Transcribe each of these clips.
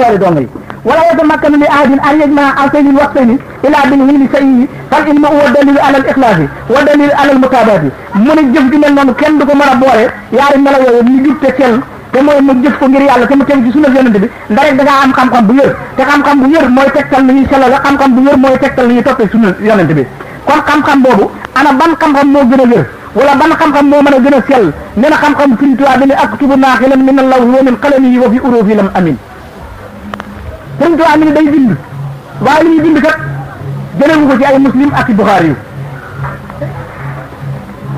teeru donga yi eh. wala yatamakkanu li ahadin an yajmaa alfayni wasfayni ilaa bil hiili sayyi fal ilmu wa dalilu ala al ixlaasi wa dalilu ala mutaabaati mu ne jëf mel noonu kenn du ko mën a boole yaari yooyu mu jub te sell te mu jëf ko ngir yàlla te mu tegu ci sunna yonent bi ndax rek da am xam-xam bu yër te xam-xam bu yër mooy tegtal ni ñuy xam-xam bu yër mooy tegtal ni ñuy toppee yonent bi kon xam-xam boobu ana ban xam-xam moo gën a wér ban xam a a sëriñ Tuubaa mi ni day bind waaye li ñuy bind kat jëlewu ko ci ay muslim ak ci Buxaari yu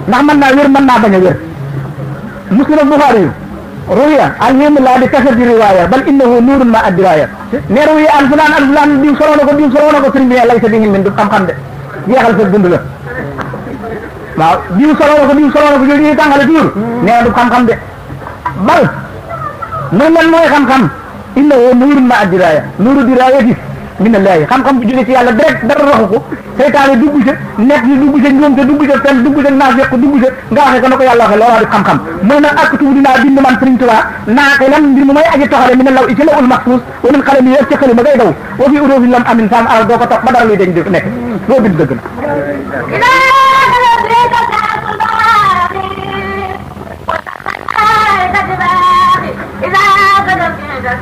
naa wér mën naa bañ a wér muslim ak Buxaari yu ruya alhim laa di kasar di riwaaya bal innahu nuurun ma addiraya ne ruya an fulaan an fulaan diw soloo na ko diw soloo na ko sëriñ bi ne bi ngil du xam de jeexal sa dund la waaw diw soloo na ko diw soloo na ko jël nee du xam-xam de bal noonu lan mooy xam-xam inna woo nuurun ma addiraaya nuuru diraaya gis minallaahi xam-xam bu jóge ci yàlla direct dara waxu ko seytaane dugg ca nekk ni dugg ca njuum te dugg ca fen dugg ca naas yëq dugg ca nga waxee ko na ko yàlla waxee loolaa di xam-xam mu ne ak tubu dinaa bind man Sëriñ Tuubaa naaqi lan mbir mu may aji toxale mi ne law i ci la ul maxsuus wa min xale mi yëpp ca xëli ma ngay daw wa fii uróofi lam amin saam alal doo ko topp ba dara luy dañ di nekk loo bind dëgg na dégg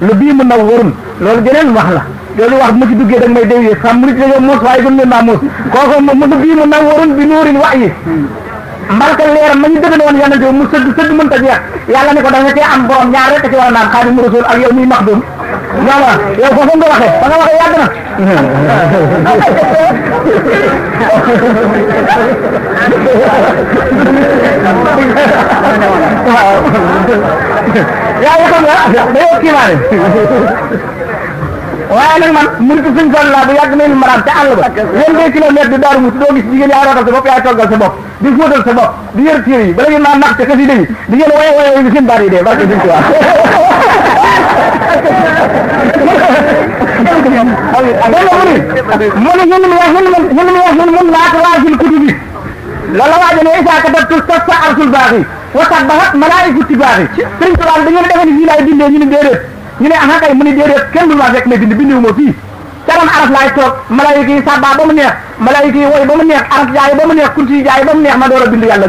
lu bii mu naw warun loolu geneen wax la loolu wax bu ma ci duggee dag may déw yi xam murit dañoo mos waaye gën leen maa mos kooku mu bii mu naw warun bi nuurin wax yi mbalka leer ma ñu dëggal woon yàlla jëw mu sëdd sëdd mënta jeex yàlla ne ko da nga am borom ñaar rek ci war a naan rasul ak yow muy maxdum ñaama yow nga waxe nga waxe na yaa waaye nag man mënut a suñ toll laa bu yàgg nañu maraam ca ba. vingt-deux kilomètres di daaru mu si doo gis jigéen yaa rootal sa bopp yaa toggal sa bopp di fóotal sa bopp di yor tiir yi bala ngeen naa di ngeen waye waye bi seen baat yi mun laat waa sil kutu bi loolu la waajo ne isa katabtu sassa arsul baaxi wa tabbahat malaaiku tibaaxi sëriñ tuwaa dañu ne defe ni fii laay dindee ni déedéet ñu ne ah kay mu ne déedéet kenn mënu maa fekk may bind bindiwu ma fii ca doon araf laay toog malaayika yi sàbbaa ba mu neex malaayika yi woy ba mu neex araf jaay ba mu neex kunti yi jaay mu neex ma door a bind yàlla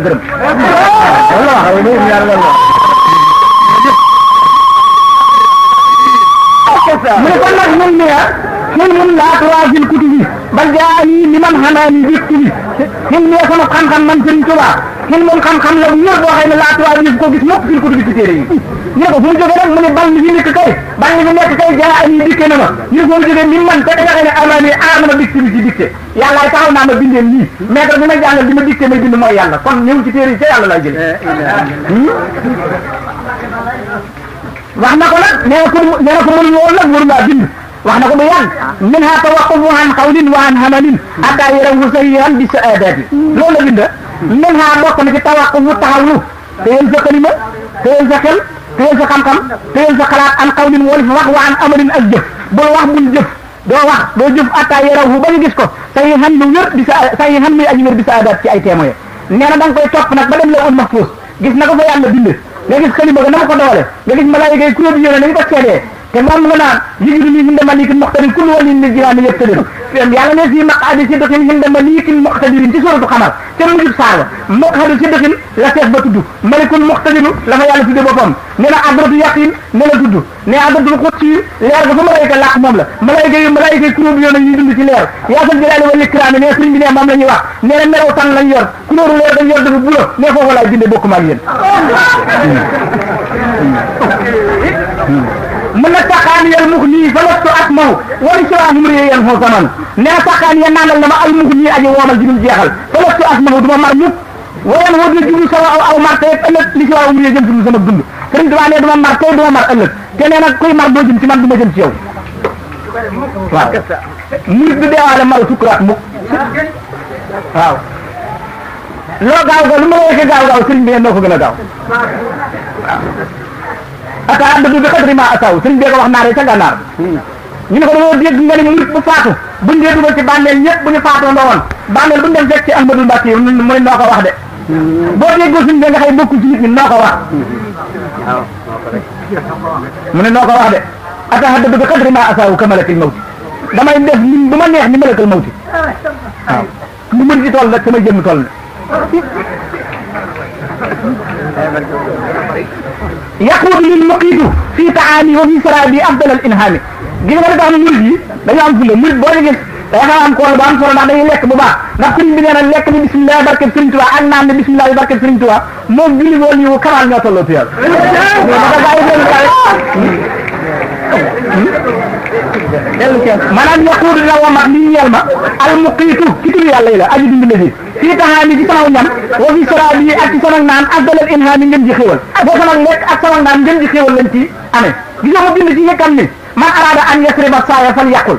mu ne kon nag ñun ne ah, mun mun laa turaasil kutubi bal jaani li man xanaani bi kutubi mun nee sama xam-xam man Sëriñ Tuubaa mun moom xam-xam la bu wér boo xam ne laa turaasil ko gis mukk fil kutubi ci téere yi ñu ne ko fu mu jógee nag mu ne bal mi fi nekk bal mi fi nekk jaani dikke na ma ne ko jógee mi man te dafa ne amaani aar na ma dikk naa ma bindee lii maître bi ma jàngal di ma dikke may bind mooy yàlla kon ñëw ci téere yi ca yàlla laa hmm? wax na ko nag nee na ko nee wax na ko lu yàgg ah. min ha tawaqufu an xawlin wa an hamalin atta yarawu sayyi'an bi saadati loolu la binda min ha bokk na ci tawaqufu taxawlu téyel sa kalima téyel sa xel téyel sa xam-xam téyel sa xalaat an xawlin wal wax wa an amalin ak jëf bul wax bul jëf doo wax doo jëf atta yarawu ba ñu gis ko sayyi'an lu wér bi sa sayyi'an muy aji wér bi saadaat ci ay témoin nee na da nga koy topp nag ba dem la un mahfuz gis na ko fa yàlla bind nga gis kalima ga na ma ko doole nga gis malaayika yi kuréel yi nañ ko seedee te moom mu naan yëjëdu ni hinde malikin muxtadir kullu walin li jihaani yëptadir yàlla ne fii maqaadi sidqin hinde malikin muxtadirin ci suratu xamar ca mu jub saar ba maqaadi sidqin la seet ba tudd malikun muxtadiru la fa yàlla tudde boppam nee na adratu yaqin ne la tudd ne adratul xutsi leer ga fa malayka làq moom la malayka yi malayka yi kuróob yoon ñuy dund ci leer yaa sal jalaali wal ikraam ne sëriñ bi ne la ñuy wax nee na melaw tan lañ mun na taxaani yal mux nii falastu at mahu wala si waa humri yan foo zaman nee na taxaani yan naanal na ma al mux nii aji woomal ji dul jeexal falastu at mahu du ma mar ñëpp wayan woo dina jublu sama aw aw mar tey ëllëg li si waa humri jëm si sama dund sëriñ Tuubaa nee du ma mar tey du ma mar ëllëg te nee nag mar doo jëm ci man du ma jëm ci yow waaw nit du deewaale maru sukuraat mukk waaw loo gaaw gaaw lu ma la waxee gën a gaaw ata abdu bi xadri ma ataw sëriñ bee ko wax naar yi ca gànnaar ñu ne ko dañoo dégg nga ni nit bu faatu buñ dee dugal ci bàmmeel ñëpp bu ñu faatoo ndowoon bàmmeel buñ dem fekk ci ahmadul mbàkk yi mu ne noo ko wax de boo déggoo suñ bee nga xëy bokku ci nit ñi noo ko wax mu ne noo ko wax de ata abdu bi xadri ma ataw kamalakil mawti damay def ni bu ma neex ni malakal mawti waaw lu mën ci toll nag sama jëmm toll na يقول لي المقيد في تعاني وفي سرابي افضل الانهام جي ما دام نول بي دا يام فيلو نول بو ريغي دا نا ام كول با ام فور دا داي ليك بو با دا كريم بي نانا ليك ني بسم الله بركه سيرن توا ان نان بسم الله بركه سيرن توا مو جيلي بو ليو كارال نيو تولو تيال maanaam yaquudu na wama li ñu yal ma almuqiitu ci turu yàlla yi la aji dund la ji fii taxaami ci sama ñam wa fi saraabi yi ak naan ak dalal inhaami ji xéwal boo sama lekk ak sama naan ji xéwal lañ ci amee gis nga ma bind ci yëkkam ni man araada an yasriba saaya fal yaqul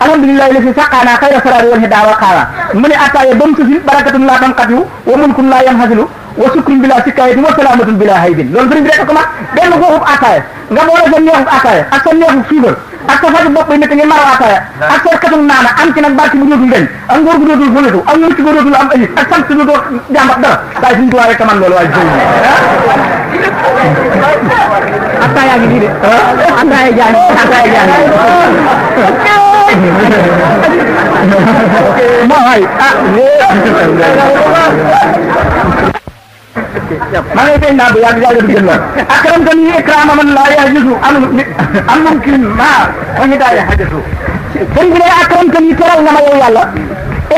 alhamdulillahi la fi saqaana xayra saraari wal hidaa wa qaala mu ne attaaya doom sufi barakatun laa tam wa munkun laa yam wa sukrun bila sikaayatin wa salaamatun bila ak fa ci bop nit ñi maro ataya ak sa katum nana am ci nak barki bu ñu ngeen ak ngor bu dootul fulatu ak mucc bu dootul am ay ak sant du do jambat dara day suñu tuwa rek man lolu way jëw ataya ngi de ataya jaay ataya jaay ma hay ah ma ne feeñ naa bu yàgg yàgg du gën lool akram tan yi ikraama man laa yajuzu an mumkin maa wa hidaaya hajatu sëñ bi ne akram tan yi teral nga ma yow yàlla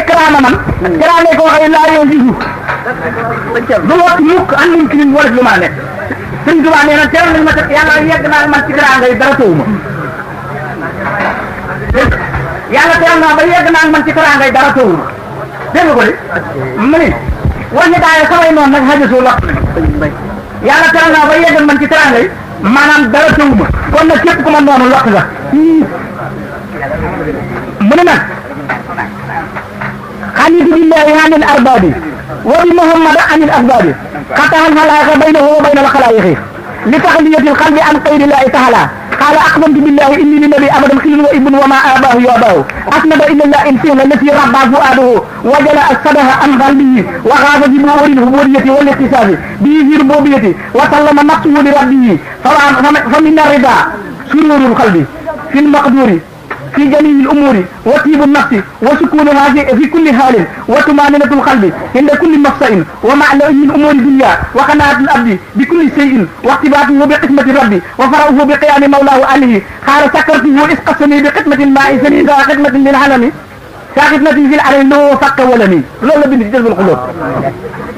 ikraama man teral ne ko waxee laa yajuzu lu wax mukk an mumkin wala lu maa nekk sëñ Tuubaa nee na teral nañ ma te yàlla yegg man ci teraanga yi dara tawuma yàlla teral naa ba man ci teraanga yi dara tawuma war ñu daal samay noonu nag xajatu lott nañu yàlla teral naa ba yegg man ci teranga yi maanaam dara tëwuma kon nag képp ku ma noonu lott nga mu ne nag xanitu billahi anil arbaabi wa bi muhammad anil asbaabi xataa al xalaaqa baynahu wa bayna al xalaayiqi li taxliyatil qalbi an xayrillahi taala قال أقسمت بالله إني للنبي أبدا خير وابن وما آباه ياباه أقسم إلى الله إنسان التي ربى فؤاده وجل الصدها عن قلبه وغاز بنور الهبورية والاقتصاد به الربوبية وسلم نفسه لربه فمن رضا سرور القلب في المقدور في جميع الأمور وطيب النفس هذه في كل حال وطمأنينة القلب عند كل مفصل ومع من أمور الدنيا وقناعة الأبد بكل شيء واختباته بقسمة الرب وفرعه بقيام مولاه عليه خار سكرته إذ قسمي بقسمة الماء سنيدا قسمة للعالم ساقطنati fil alal no fakka wala ni loolu la bind ci jëlbul xulóob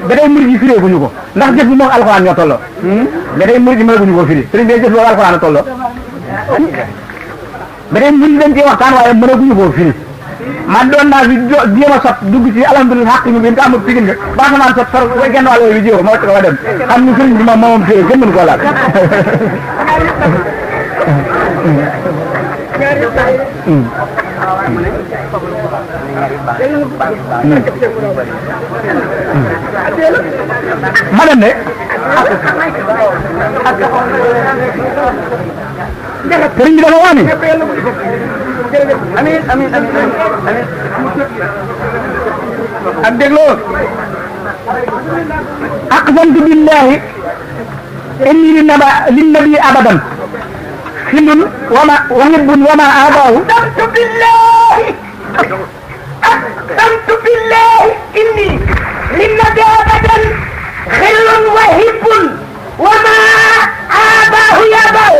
ba day murid yi firee يا ko ndax jëf bi moom alxuraan ñoo tolloo ba day murid yi ko sëriñ bi ba tey ñu ngi leen cee waxtaan waaye mënaguñu koo firi man doon naa fi jo jéem a sot dugg ci alhamdulilah xaq ñu gën ko amul pigin nga ba sama sot far ba genn wàll bi jéem moo tax ma dem xam ni sëriñ bi moom moomam firi kenn mënu koo laal. ma dem de. sëriñ bi dafa wax ni. amiin amiin amiin amiin ak dégloo aqsamtu billahi inni li naba li nabi abadan xilun wama wahibbun wama aadaahu aqsamtu billahi aqsamtu billahi inni li nabi abadan xilun wahibbun wama آباه ياباه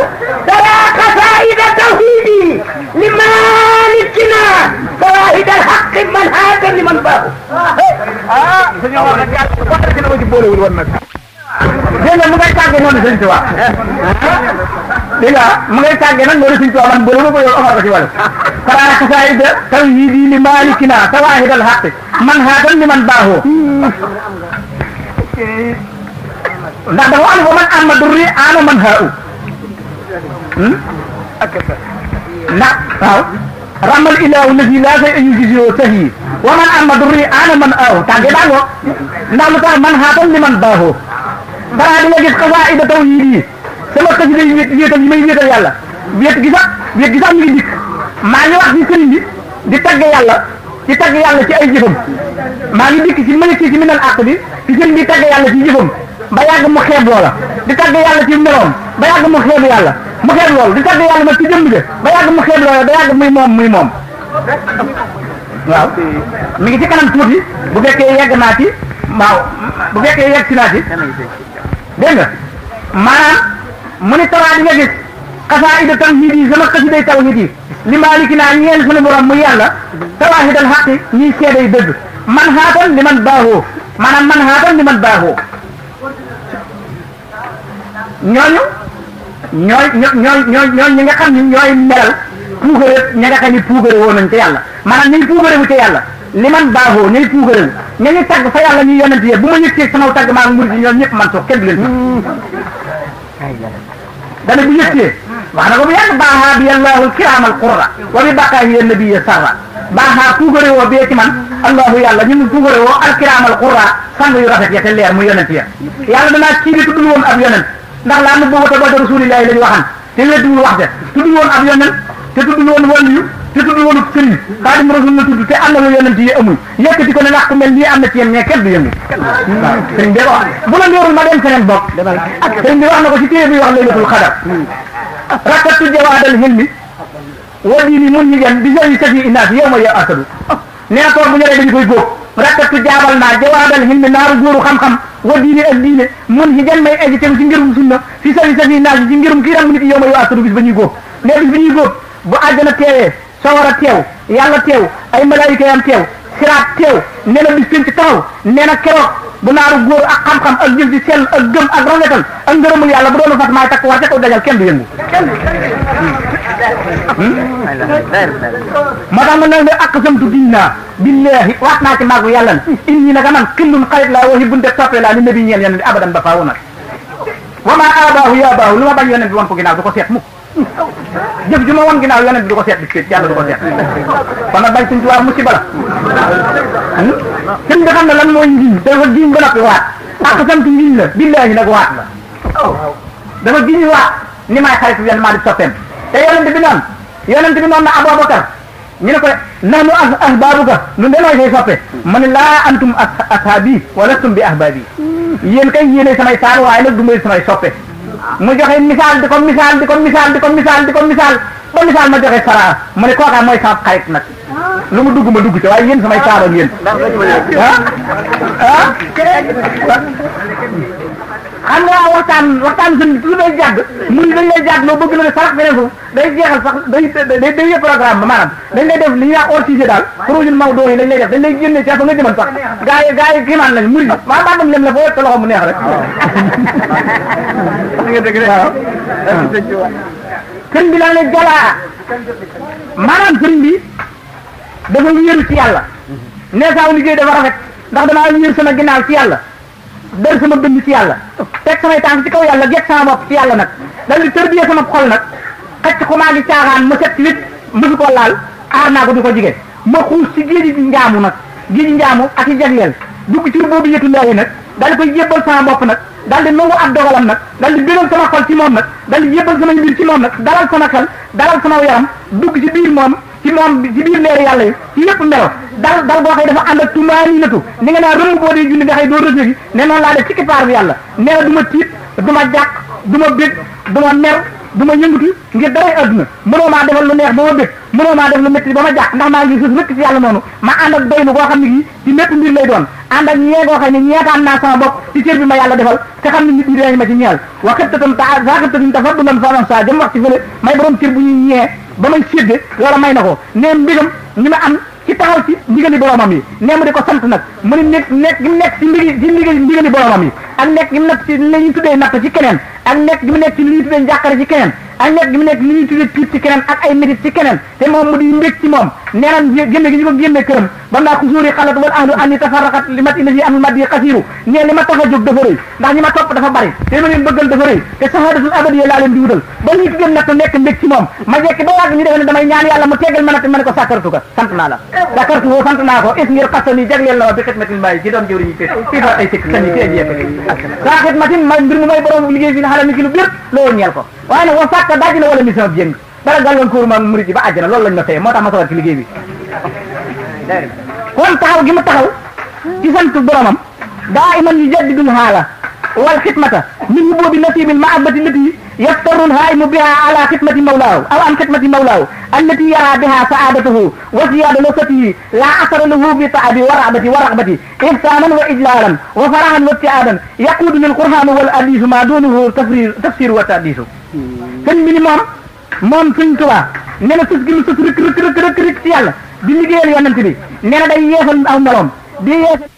ترى قصائد التوحيد لمالكنا شواهد الحق من هذا لمن باه dégg nga mu ngay tàggee noonu sëñ Tuubaa dégg nga mu ngay tàggee nag noonu sëñ Tuubaa man bële ma ko yow Omar ko ci wàll. Faraa kasaayid tawhiidi li maalikina sawaahidal haqq man haadan li man baaxoo ndax dafa am ba man am ma durri aano man xaaru hmm? ndax waaw ramal ilaahu lazi laa say ayu gisoo sax yi wa man am ma durri aano man aaw tàgge bàngoo ndax lu tax man xaatal li man baaxoo balaa di nga gis xasaayida taw yii nii sama xasida yi wéet gi sax wéet gi sax mi ngi dikk maa ngi wax di tagg yàlla di tagg yàlla ci ay jëfam maa ngi dikk ci mën ci ci mi nan àq ci sëriñ bi tagg yàlla ci jëfam ba yàgg mu xeeb loola di tagg yàlla ci meloom ba yàgg mu xeeb yàlla mu xeeb loolu di tagg yàlla nag ci jëmm ja ba yàgg mu xeeb loola ba yàgg muy moom muy moom waaw mi ngi ci kanam tuuti bu fekkee yegg naa ci waaw bu fekkee yegg ci naa ci nga maanaam mu ni taraa di nga gis xasaayida tawhid yi sama xasiday tawhid yi li maaliki naa ñeen sunu borom muy yàlla tawaahidal man xaatan li man baaxoo man xaatan li man baaxoo ñooñu ñooy ñooy ñooy ñooy ñi nga xam ni ñooy melal puugare ña nga xam ni puugare woo nañ ca yàlla maanaam nañ puugare wu ca yàlla li man baaxoo nañ puugare wu ña ñu tàgg fa yàlla ñuy yonent yee bu ma yëg sama tàgg maa ngi murid ñoom ñëpp man sox kenn du leen dana bu yëg wax na ko bu yàgg baaxaa bi allahu kiraamal qurra wa bi baqaayi yéen nabiya sarra baaxaa puugare woo bee ci man allahu yàlla ñu ngi puugare woo al kiraamal qurra sang yu rafet ya te leer mu yonent ya yàlla danaa kii bi tuddul woon ab yonent ndax laa nu boobu tabata rasulillahi lañu waxan te weddiwul wax ja tudd woon ab yonent te tudd woon wàlliyu te tudd woon sëriñ xaadim rasul la tudd te am na lu yonent yi amul yëkkati ko ne ndax ku mel nii am na ci yéen mais kenn du yëngu waaw sëriñ bi wax bu la ñorul ma dem feneen bokk sëriñ bi wax na ko ci téere bi wax laylatul xadar rakkatu jawaadal hilmi wa diini mun ñi gen di joyi saf yi inaas yow ma yow asadu nee toor bu ñoree dañu koy góob rakkatu jaabal naa jawaadal hilmi naaru góoru xam-xam wa diine ak diine mun si jan may egg itam si ngirum sunna si safi safi naas si ngirum kii rang nit yow ma yu asuru bis ba ñuy góob bu àjjana teewee sawara teew yàlla teew ay malaayika yam teew siraat teew nee na bis penc taxaw nee na keroog bu naaru góor ak xam-xam ak jëf di sell ak gëm ak rafetal ak ngërëmul yàlla bu doon fat maay takk war ca kaw dajal kenn du yëngu moo tax mu ne la aqsamtu billah billahi waat naa ci màggu yàlla na inni naka man xillun xarit laa waxi bunte toppee laa li nabi ñeel yonent bi abadan ba faaw nag wa maa aabaahu yaa baahu lu ma bañ yonent bi wan ko ginnaaw du ko seet mukk jëf ju ma wan ginnaaw yonent bi du ko seet bi seet yàlla du ko seet kon nag bañ suñ tuwaa musiba la hmm? sëñ nga xam ne lan mooy ngiñ dafa giñ ba noppi waat aqsamtu ngiñ la billahi nag waat la dafa giñ waat ni maay xarit bi te yonent bi noonu yonent bi noonu na Abubakar ñu ne ko nahnu ah, ahbaabuka nu ne nooy say soppe ma ne laa antum ah, ashaabi wa lastum bi ahbaabi yéen kay yéenay samay saal waaye nag du may samay soppe mu joxe misaal di ko misaal di ko misaal di ko misaal di ko misaal ba misaal ma joxe saraa ma ne kookaa mooy sama xarit nag lu mu dugg ma dugg ci waaye yéen samay saaroon yéen ah ah xam nga waxtaan waxtaan sëñ lu day jàdd muy dañ lay jàdd loo bëgg na ne sarax beneen foofu day jeexal sax day day day programme ba maanaam dañ lay def li ñuy wax hors sujet daal projet Maodo yi dañ lay def dañ lay génne ca fa nga jëman sax gaa yi gaa yi kiimaan nañ murid maa baa dem lem la foo te loxo mu neex rek waaw sëriñ bi laa ne jalaa maanaam sëriñ bi dafa wéeru ci yàlla mm-hmm. ne saaw liggéey dafa rafet ndax danaa wéeru sama ginnaaw ci yàlla dër sama dënd ci yàlla teg samay tànk ci kaw yàlla gét sama bopp ci yàlla nag dal di tërbiyee sama xol nag xacc ko maa caaxaan ma set ci wit mësu ko laal aar naa ko di ko jigéen ma xuus ci géej gi njaamu nag géej gi njaamu ak i jagleel dugg ci boobu yëtu ndooyi nag dal di koy jébbal sama bopp nag dal di nangu ab dogalam nag dal di sama xol ci moom nag dal di jébbal sama mbir ci moom nag dalal sama xel dalal sama yaram dugg ci biir moom ci moom ci biir leer yàlla yi ci yëpp melo dal dal boo xëy dafa ànd ak tumaani natu ni nga rëmm boo dee julli nga xëy doo rëcc gi ne noonu laa def ci kippaar bi yàlla nee na tiit du ma jàq du ma mer du ma yëngatu ngir daray adduna mënoo maa defal lu neex ba ma bég mënoo maa def lu métti ba ma jàq ndax maa ngi suuf rëkk ci yàlla noonu ma ànd ak doylu goo xam ne gi ci métti mbir lay doon ànd ñee goo xam ne ñeetaan naa sama bopp ci cër ba may séddee loola may na ko nee mbigam ñu ma am ci taxaw ci ndigali boromam yi nee mu de ko sant nag mu ni nekk nekk nekk ci mbigi ci ndigali boromam yi ak nekk gi mu nekk ci li ñu tuddee napp ci keneen ak nekk gi mu ci li ak nekk gi mu ci keneen ak ay métit ci keneen te moom mu di mbég ci moom nee na génne gi ñu ko génne a jóg nekk ci moom ma jekki ba yàgg ñu damay ñaan yàlla mu tegal ma natt ci doon saa xidmatin ma mbir mu may borom liggéey fi ne xala mi ci lu biir loo ñeel ko waaye nag wa sàkka daaj la wala mission bi jëng dara gàllankoor ma murid yi ba àjjana loolu lañ ma teye moo tax ma sawar ci liggéey bi kon taxaw gi mu taxaw ci sant boromam daa iman yu jaddidul xaala wal xidmata min huboobi nasibil mahabbati lati يضطر الهائم بها على خدمة مولاه أو عن خدمة مولاه التي يرى بها سعادته وزيادة لذته لا أثر له في تعب ورعبة ورغبة إحسانا وإجلالا وفرحا وابتعادا يقود من القرآن والأديث ما دونه تفسير وتأديث sëñ bi ni moom moom sëñ Tuubaa nee na sës gi mu sës rëkk rëkk rëkk rëkk si yàlla di liggéeyal yonent bi nee na day yeesal aw meloom di yeesal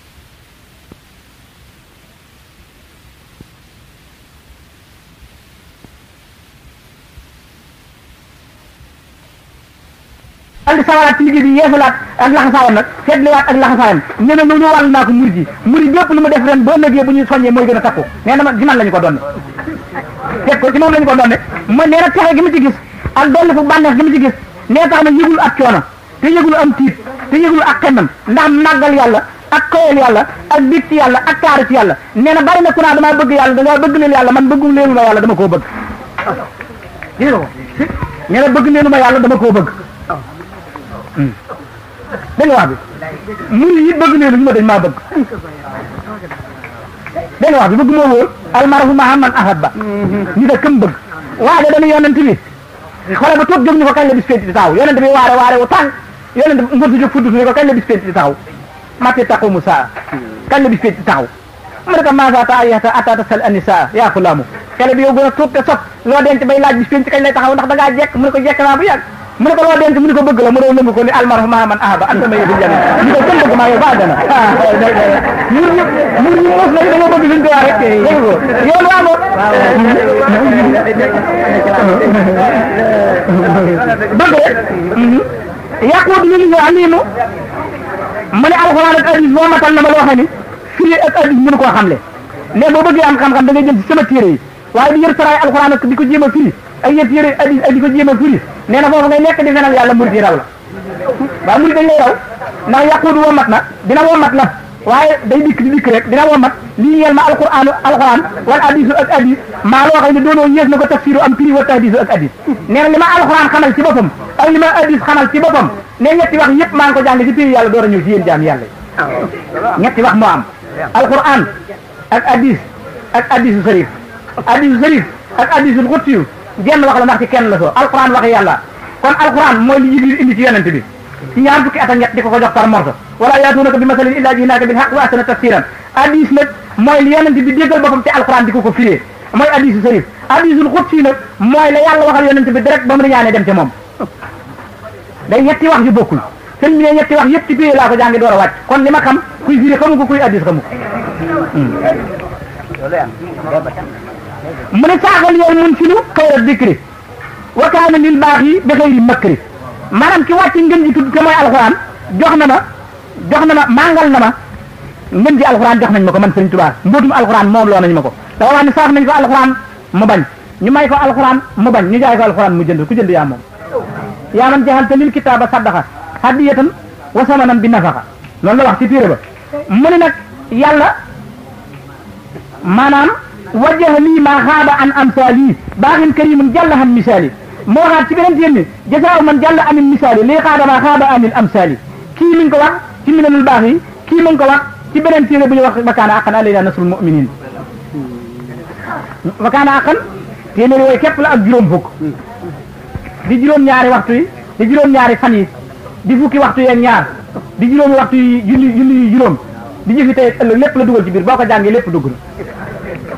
daal di sawaraat ci liggéey bi yeesalaat ak laxasaayam nag seetliwaat ak laxasaayam nee na loolu wàll naa ko murid yi murid yëpp lu ma def ren boo négee bu ñu soññee mooy gën a takku nee na man ci man la ñu ko doon teg ko ci moom la ñu ko doon ma nee na texe gi mu ci gis ak dolli fu bànneex gi mu ci gis nee tax na yëgul ak coono te yëgul am tiit te yëgul ak xemmam ndax màggal yàlla ak koyal yàlla ak dig ci yàlla ak taaru ci yàlla nee na bari na ku naa damaa bëgg yàlla dangaa bëgg leen yàlla man bëggum leenu ma yàlla dama koo bëgg nee na ma yàlla dama koo bëgg dégg nga wax bi murid yi bëgg nee na ñu ma dañ maa bëgg dégg nga wax bi bëgg moo wóor almarahu mahamman ahaba ñu da këm bëgg waaga dañu yonent bi xoolal ba toog jóg ñu ko kañ la bis pénc di taxaw yonent bi waare waare wu tàng yonent ngor si jóg fudd ñu ko kañ la bis pénc di taxaw matti taqumu saa kañ la bis pénc di taxaw mu ne ko maasata ayata atata sal anisa yaa fulaamu bi yow gën a taxaw ndax da ngaa jekk mu ne ko jekk naa bu yàgg mu a ko loo denc mu ne ko bëgg la mu doon lëngu ko ni almar maa man ahaba ak sama yëfu jami ni ko kenn bëgg maa yow ba àddana mur ñi mur ñi a na dañoo bëgg suñ tuwaa rek dégg ko yoon waa moom bëgg rek yàquut li ñu aminu mu na ma loo xam ne firi ak hadis mënu koo xamle ne boo bëggee am xam-xam da ngay jël ci sama waaye di yër saraay alxuraan ak di ko jéem a firi ak yër téere hadis ak di ko jéem a firi nee na foofu ngay nekk di fenal yàlla murid yi raw la waaw murid naa lay raw ndax yaquudu na dina womat na waaye day dikk di dikk rek dina womat lii ñeel ma alquraan alquraan wal hadiisu ak hadiis maa loo xam ne doonoo yées na ko tafsiru am firi wa hadiisu ak hadiis nee na li ma alquraan xamal ci boppam ak li ma hadiis xamal ci boppam ne ñetti wax yëpp maa ngi ko jàng ci firi yàlla door a ñëw ci yéen jaam yàlla yi ñetti wax moo am alquraan ak hadiis ak hadiisu sharif hadiisu sharif ak hadiisul qudsi jenn wax la ndax ci kenn la soo alquran waxi yàlla kon alquran mooy li jibril indi ci yonente bi ci ñaar fukki at ak di ko ko jox par morta wala yaatuunaka bi masalin illaa jiinaaka bil haqq wa ahsana tafsiran hadis nag mooy li yonente bi déggal boppam ci alquran di ko ko firee mooy hadisu sharif hadisul qudsi nag mooy la yàlla waxal yonente bi direct ba mu riñaane dem ca moom day ñetti wax yu bokkul sëñ bi ne ñetti wax yëpp ci biir door a wàcc kon li ma xam kuy mu ne saaxal yow mun si nu xayra dikri wa kaana lil baax yi bi xayri makri maanaam ci wàcc ngën ji tudd te mooy alxuraan jox na ma jox na ma màngal na ma ngën ji alxuraan jox nañ ma ko man Sëriñ Tuubaa mbootum alxuraan moo loo nañ ma ko dafa wax ne saax nañ ko alxuraan mu bañ ñu may ko alxuraan mu bañ ñu jaay ko alxuraan mu jënd ku jënd yaa moom yaa man jaxal te lil kitaaba saddaxa hadiyatan wa bi nafaxa loolu la wax ci téere ba mu ne yàlla maanaam wajahli ma xaaba an amsali baaxin karimun jàlla han misaali moo waxaat ci beneen téen ni jasaaw man jàlla anil misaali lii xaaba ma xaaba anil amsaali kii mi ngi ko wax ci minanul baax yi kii mi ko wax ci benen téere bu ñu wax wakaana aqan alayna nasrul muminin wakaana aqan téeméeri yooyu képp la ak juróom fukk di juróom ñaari waxtu yi di juróom ñaari fan yi di fukki waxtu yeeg ñaar di juróomi waxtu yi julli julli yi juróom di jëfi tey ëllëg lépp la dugal ci biir boo ko jàngee lépp dugg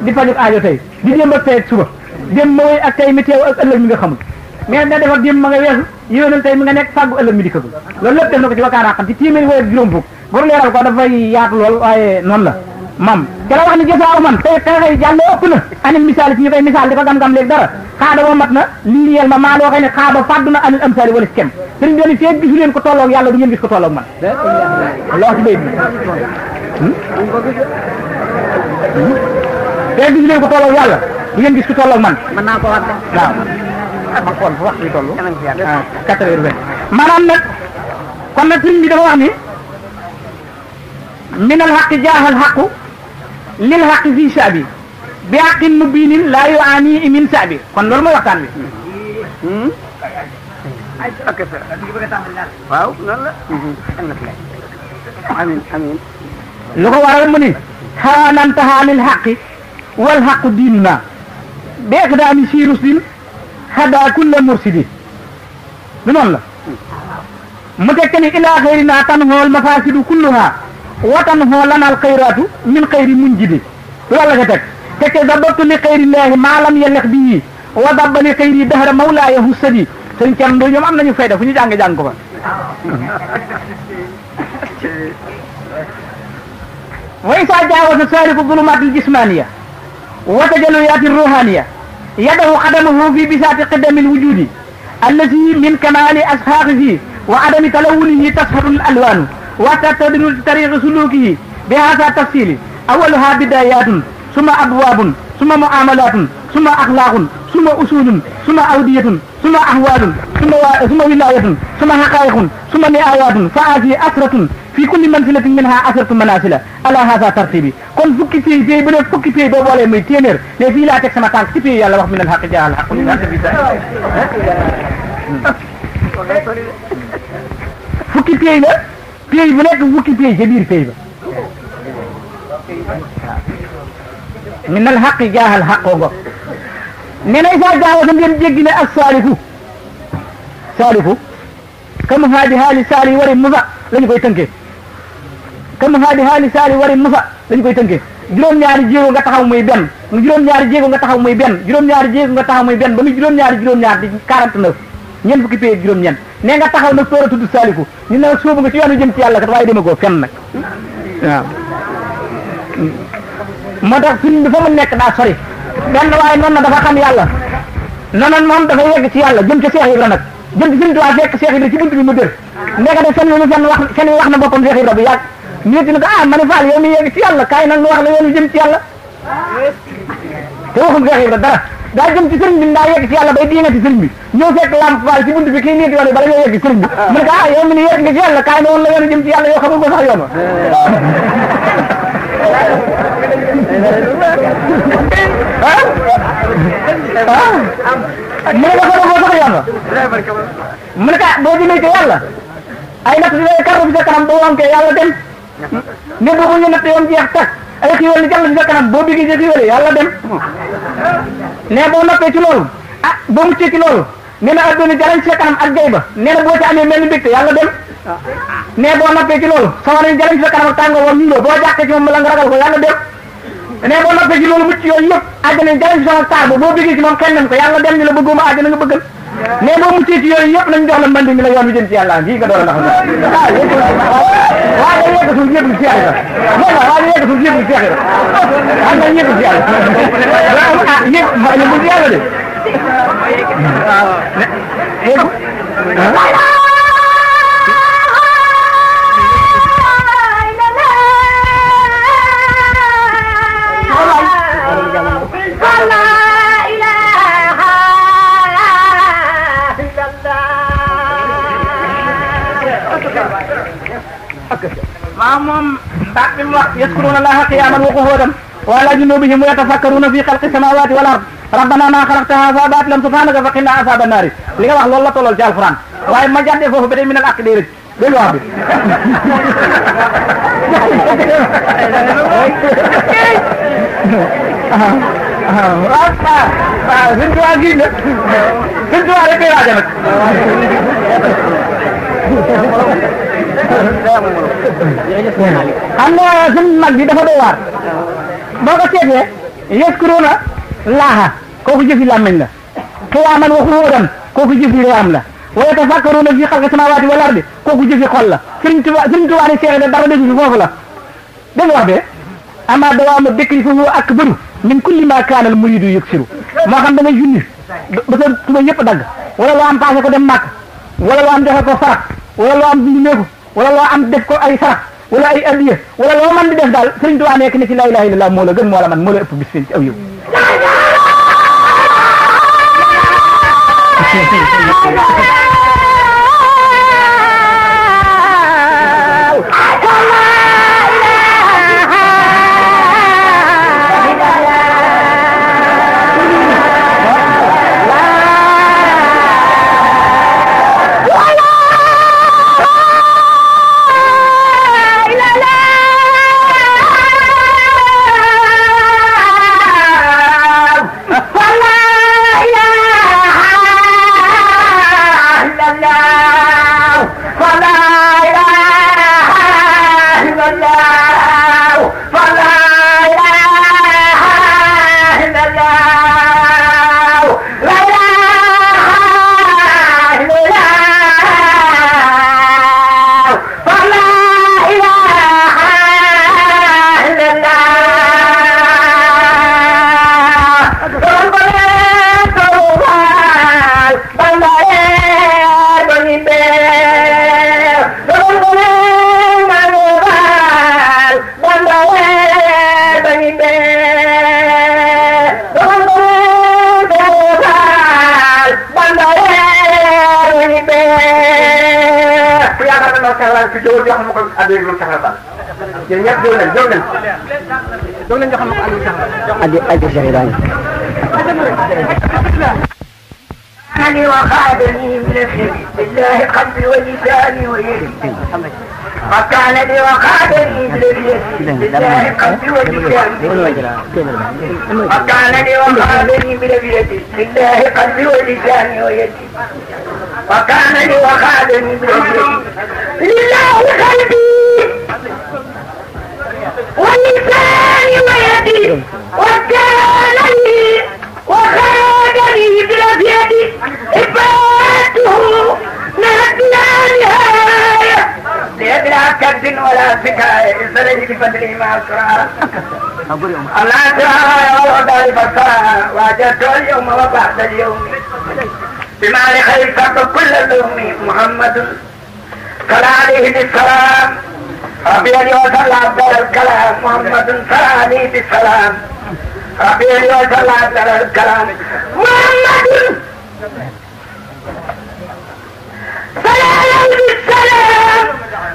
di fajut aajo tey di démb ak tey ma woy ak tey mi teew ak ëllëg mi nga xamul mais na defar démb ma nga weesu yéwénal tey mi nga nekk fàggu ëllëg mi di këgul loolu lépp def na ko ci wakkaanaa xam ci téeméeri woy ak juróom fukk pour leeral ko dafay yaatu lool waaye noonu la mam te la wax ni jëfaaw man tey xeexey jàll ëpp na anil misaal ci ñu koy misaal di ko gam-gam léegi dara xaada ba mat na lii yel ma maa loo xëy ne fàddu na anil amsaali wala si kem bi ni feeg gisu leen ko tolloog yàlla du ngeen gis ko tolloog man loo ci léegi gis ngeen ko tolloog yàlla du ngeen gis ku tolloog man. mën naa ko wax de. waaw. ma xool fu wax bi toll. quatre heures vingt. maanaam nag kon nag sëriñ bi dafa wax ni. min al jaaxal xaqu lil xaqi fii saabi bi xaqin mubiinin laa yu aani min saabi kon loolu mooy waxtaan bi. waaw hmm? la. Hmm. amiin amiin. lu ko waral mu ni xaqi wal xaqu diinuna bi iqdaami si rusul xadaa kulla mursidi du noonu la mu tekkeni ilaa xayrina tan xool mafasidu kulluha wa tan xoolana al xayratu min xayri munjidi loolu la ko teg tekke dabatu li xayrillaahi maalam yellex bii wa dabba li xayri dahra mawlaaya hussadi sëñ Thierno Ndoye ñoom am nañu fayda fu ñu jàng jàng ko fa way saa jaawasa saariku zulumaati l jismaaniya وتجليات الروحانية يده قدمه في بساط قدم الوجود الذي من كمال أسحاقه وعدم تلونه تصهر الألوان وتتدن طريق سلوكه بهذا التفصيل أولها بدايات ثم أبواب ثم معاملات ثم أخلاق ثم أصول ثم أودية ثم أهوال ثم ثم ولاية ثم حقائق ثم نهايات فهذه أسرة في كل منزلة منها عشرة منازل على هذا ترتيب كون فكي في جيب لو فكي في بابا لي ميتينر لي في لا تك سماتان في يا الله من الحق جاء الحق فكي في لا في بلا فكي في جبير في من الحق جاء الحق نينا إذا جاء وزن دين جيجنا السالف سالف كم هذه هذه سالي وري مذا لن يكون تنكي kam haali haali saali wari musa dañ koy teunké juroom ñaari jéego nga taxaw muy ben mu juróom ñaari jéego nga taxaw muy ben juroom ñaari jéego nga taxaw muy ben ba mu juroom ñaari juroom ñaar di 49 ñen fukki pey juroom ñen né nga taxaw nak toora tuddu saliku ñu na soobu nga ci yoonu jëm ci yalla kat waye dema ko fenn nak waaw tax fi dafa mu nek da sori ben waye non na dafa xam yalla nanan mom dafa yegg ci yalla jëm ci cheikh ibra nak jëm ci suñu tuwa fekk cheikh ibra ci buntu bi mu deur né nga def fenn mu fenn wax fenn wax na bopam cheikh ibra bu yag ñetti ni ko ah man Fall yow mi yegg ci yàlla kaay nag nu wax la yoonu jëm ci yàlla te waxum Cheikh Ibra dara daa jëm ci sëriñ bi daa yegg ci yàlla bay diine ci sëriñ bi ñëw fekk Lamp Fall ci bunt bi kii niit yoon bala ñoo yegg ci sëriñ bi mu ne ko ah yow mi ni yegg nga ci yàlla kaay na woon la yoonu jëm ci yàlla yow xamul ko sax yoon ah, ah? mu ne ko xamul ko sax yoon mu ne ko ah, boo jëmee ci yàlla ay natt di lay karru bi sa kanam boo wankee yàlla dem mbir bu ñu natt yoon jeex tag ay ni jàll ci sa kanam boo bigi ci xiwal yàlla dem ne boo noppee ci loolu ah boo muccee ci loolu nee na adduna jàll ci sa kanam ba nee na boo ci amee mel ni mbégte yàlla dem ne boo noppee ci loolu sawar nañ jàll ci sa boo jàqee ci moom la nga ragal ko yàlla dem ne boo noppee ci loolu mucc yooyu yëpp àjjana jàll ci sama ba boo bigi ci moom ko yàlla dem ñu la bëgguma nga bëggal mais boo muccee ci yooyu yëpp nañ jox la mbandi mi la yoon bi jëm ci yàlla bii nga door a ndax ndax waaw day yegg suuf yëpp ci yàlla loolu la waaw day yegg suuf yëpp ci yàlla am na yëpp ci yàlla waaw ah yëpp ma yëpp ci yàlla de waaw ah. وهودا وعلى جنوبهم ويتفكرون في خلق السماوات والارض ربنا ما خلقت هذا باطلا سبحانك فقنا عذاب النار li nga wax loolu la tollool ci alxuraan waaye ma jàddee foofu ba tey minal àq déedéet dégg wax bi waaw waaw suñ tuwaa gii nag suñ tuwaa rek koy waaja nag xam nga suñ mag bi dafa doy waar boo ko seetee yëskuruuna laaha kooku jëfi làmmiñ la xiyaaman wa xuudan kooku jëfi réam la wa yatafakkaruuna fi xalqi samawaati wal ardi kooku jëfi xol la sëriñ tuba sëriñ tuba ne seex de dara desu fi foofu la dégg wax de ama dawaamu dikri fa huwa akbaru min kulli ma kaana al muridu yuksiru moo xam da ngay junni ba sa tuba yëpp dagg wala loo am paase ko dem màkk wala loo am joxe ko farat wala loo am dimbimeeku wala loo am def ko ay sarax wala ay addiya wala loo mën di def daal sëriñ Tuubaa nekk ne ci laa ilaaha illallaah moo la gën moo la man moo la ëpp bis fii ci aw yow Thank you. xewlaan ci jëwal yoo xam ne lu taxal ba ñen jëw nañ jëw nañ jëw nañ yoo xam ne ko addu taxal addu addu jëriñ أنا وخادني من بالله قلبي ولساني ويدي وكان لي وخادني من بالله قلبي ولساني وكان لي وخادني من الخير بالله قلبي ولساني ويدي وكان هو خادم لله قلبي ولساني ويدي وكان لي وخادمي بلد يدي إباته نهدنا نهاية ليدنا كد ولا سكاية إسرائيل بفضله ما أسرع الله أسرع يا الله داري واجهت اليوم وبعد اليوم بمعنى خير فقد كل الأمي محمد صلى عليه بالسلام ربي أن يوصل عبد الكلام محمد صلى عليه بالسلام ربي أن يوصل عبد الكلام محمد صلى عليه بالسلام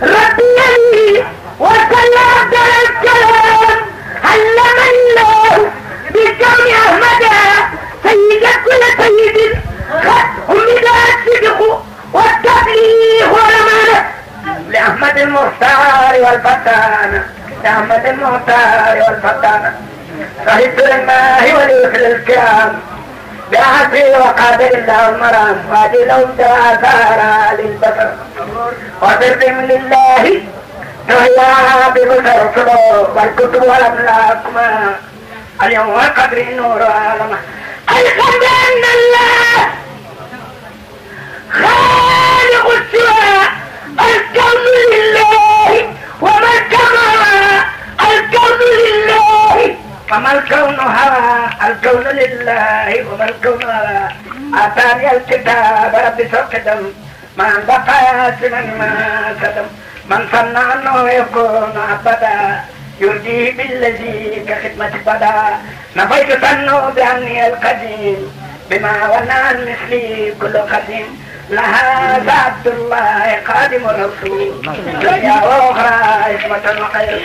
ربي أن يوصل عبد الكلام علم الله بكون أحمد سيد كل سيد هم نداء الصدق والتبليغ والأمانة لأحمد المختار والفتان لأحمد المختار والفتان صاحب الماء والإخل الكرام بعفي وقابل له المرام وادي لو تآثار للبشر وسلم لله نهيا ببشر صدور والكتب والأملاكما اليوم والقدر نور عالمه أيقن بأن الله خالق السماء الكون لله وما الكون الكون لله فما الكون هوى الكون لله وما الكون هوى أتاني الكتاب ربي سوقدم ما بقى سمن ما قدم من صنع أنه يكون أبدا يرضيه بالذي كخدمة بدا نفيت ظنه بأني القديم بما ونال مثلي كل قديم لها عبد الله قادم الرسول نعم. دنيا واخرى عصمه الخير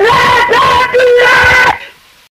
لا تعبد الله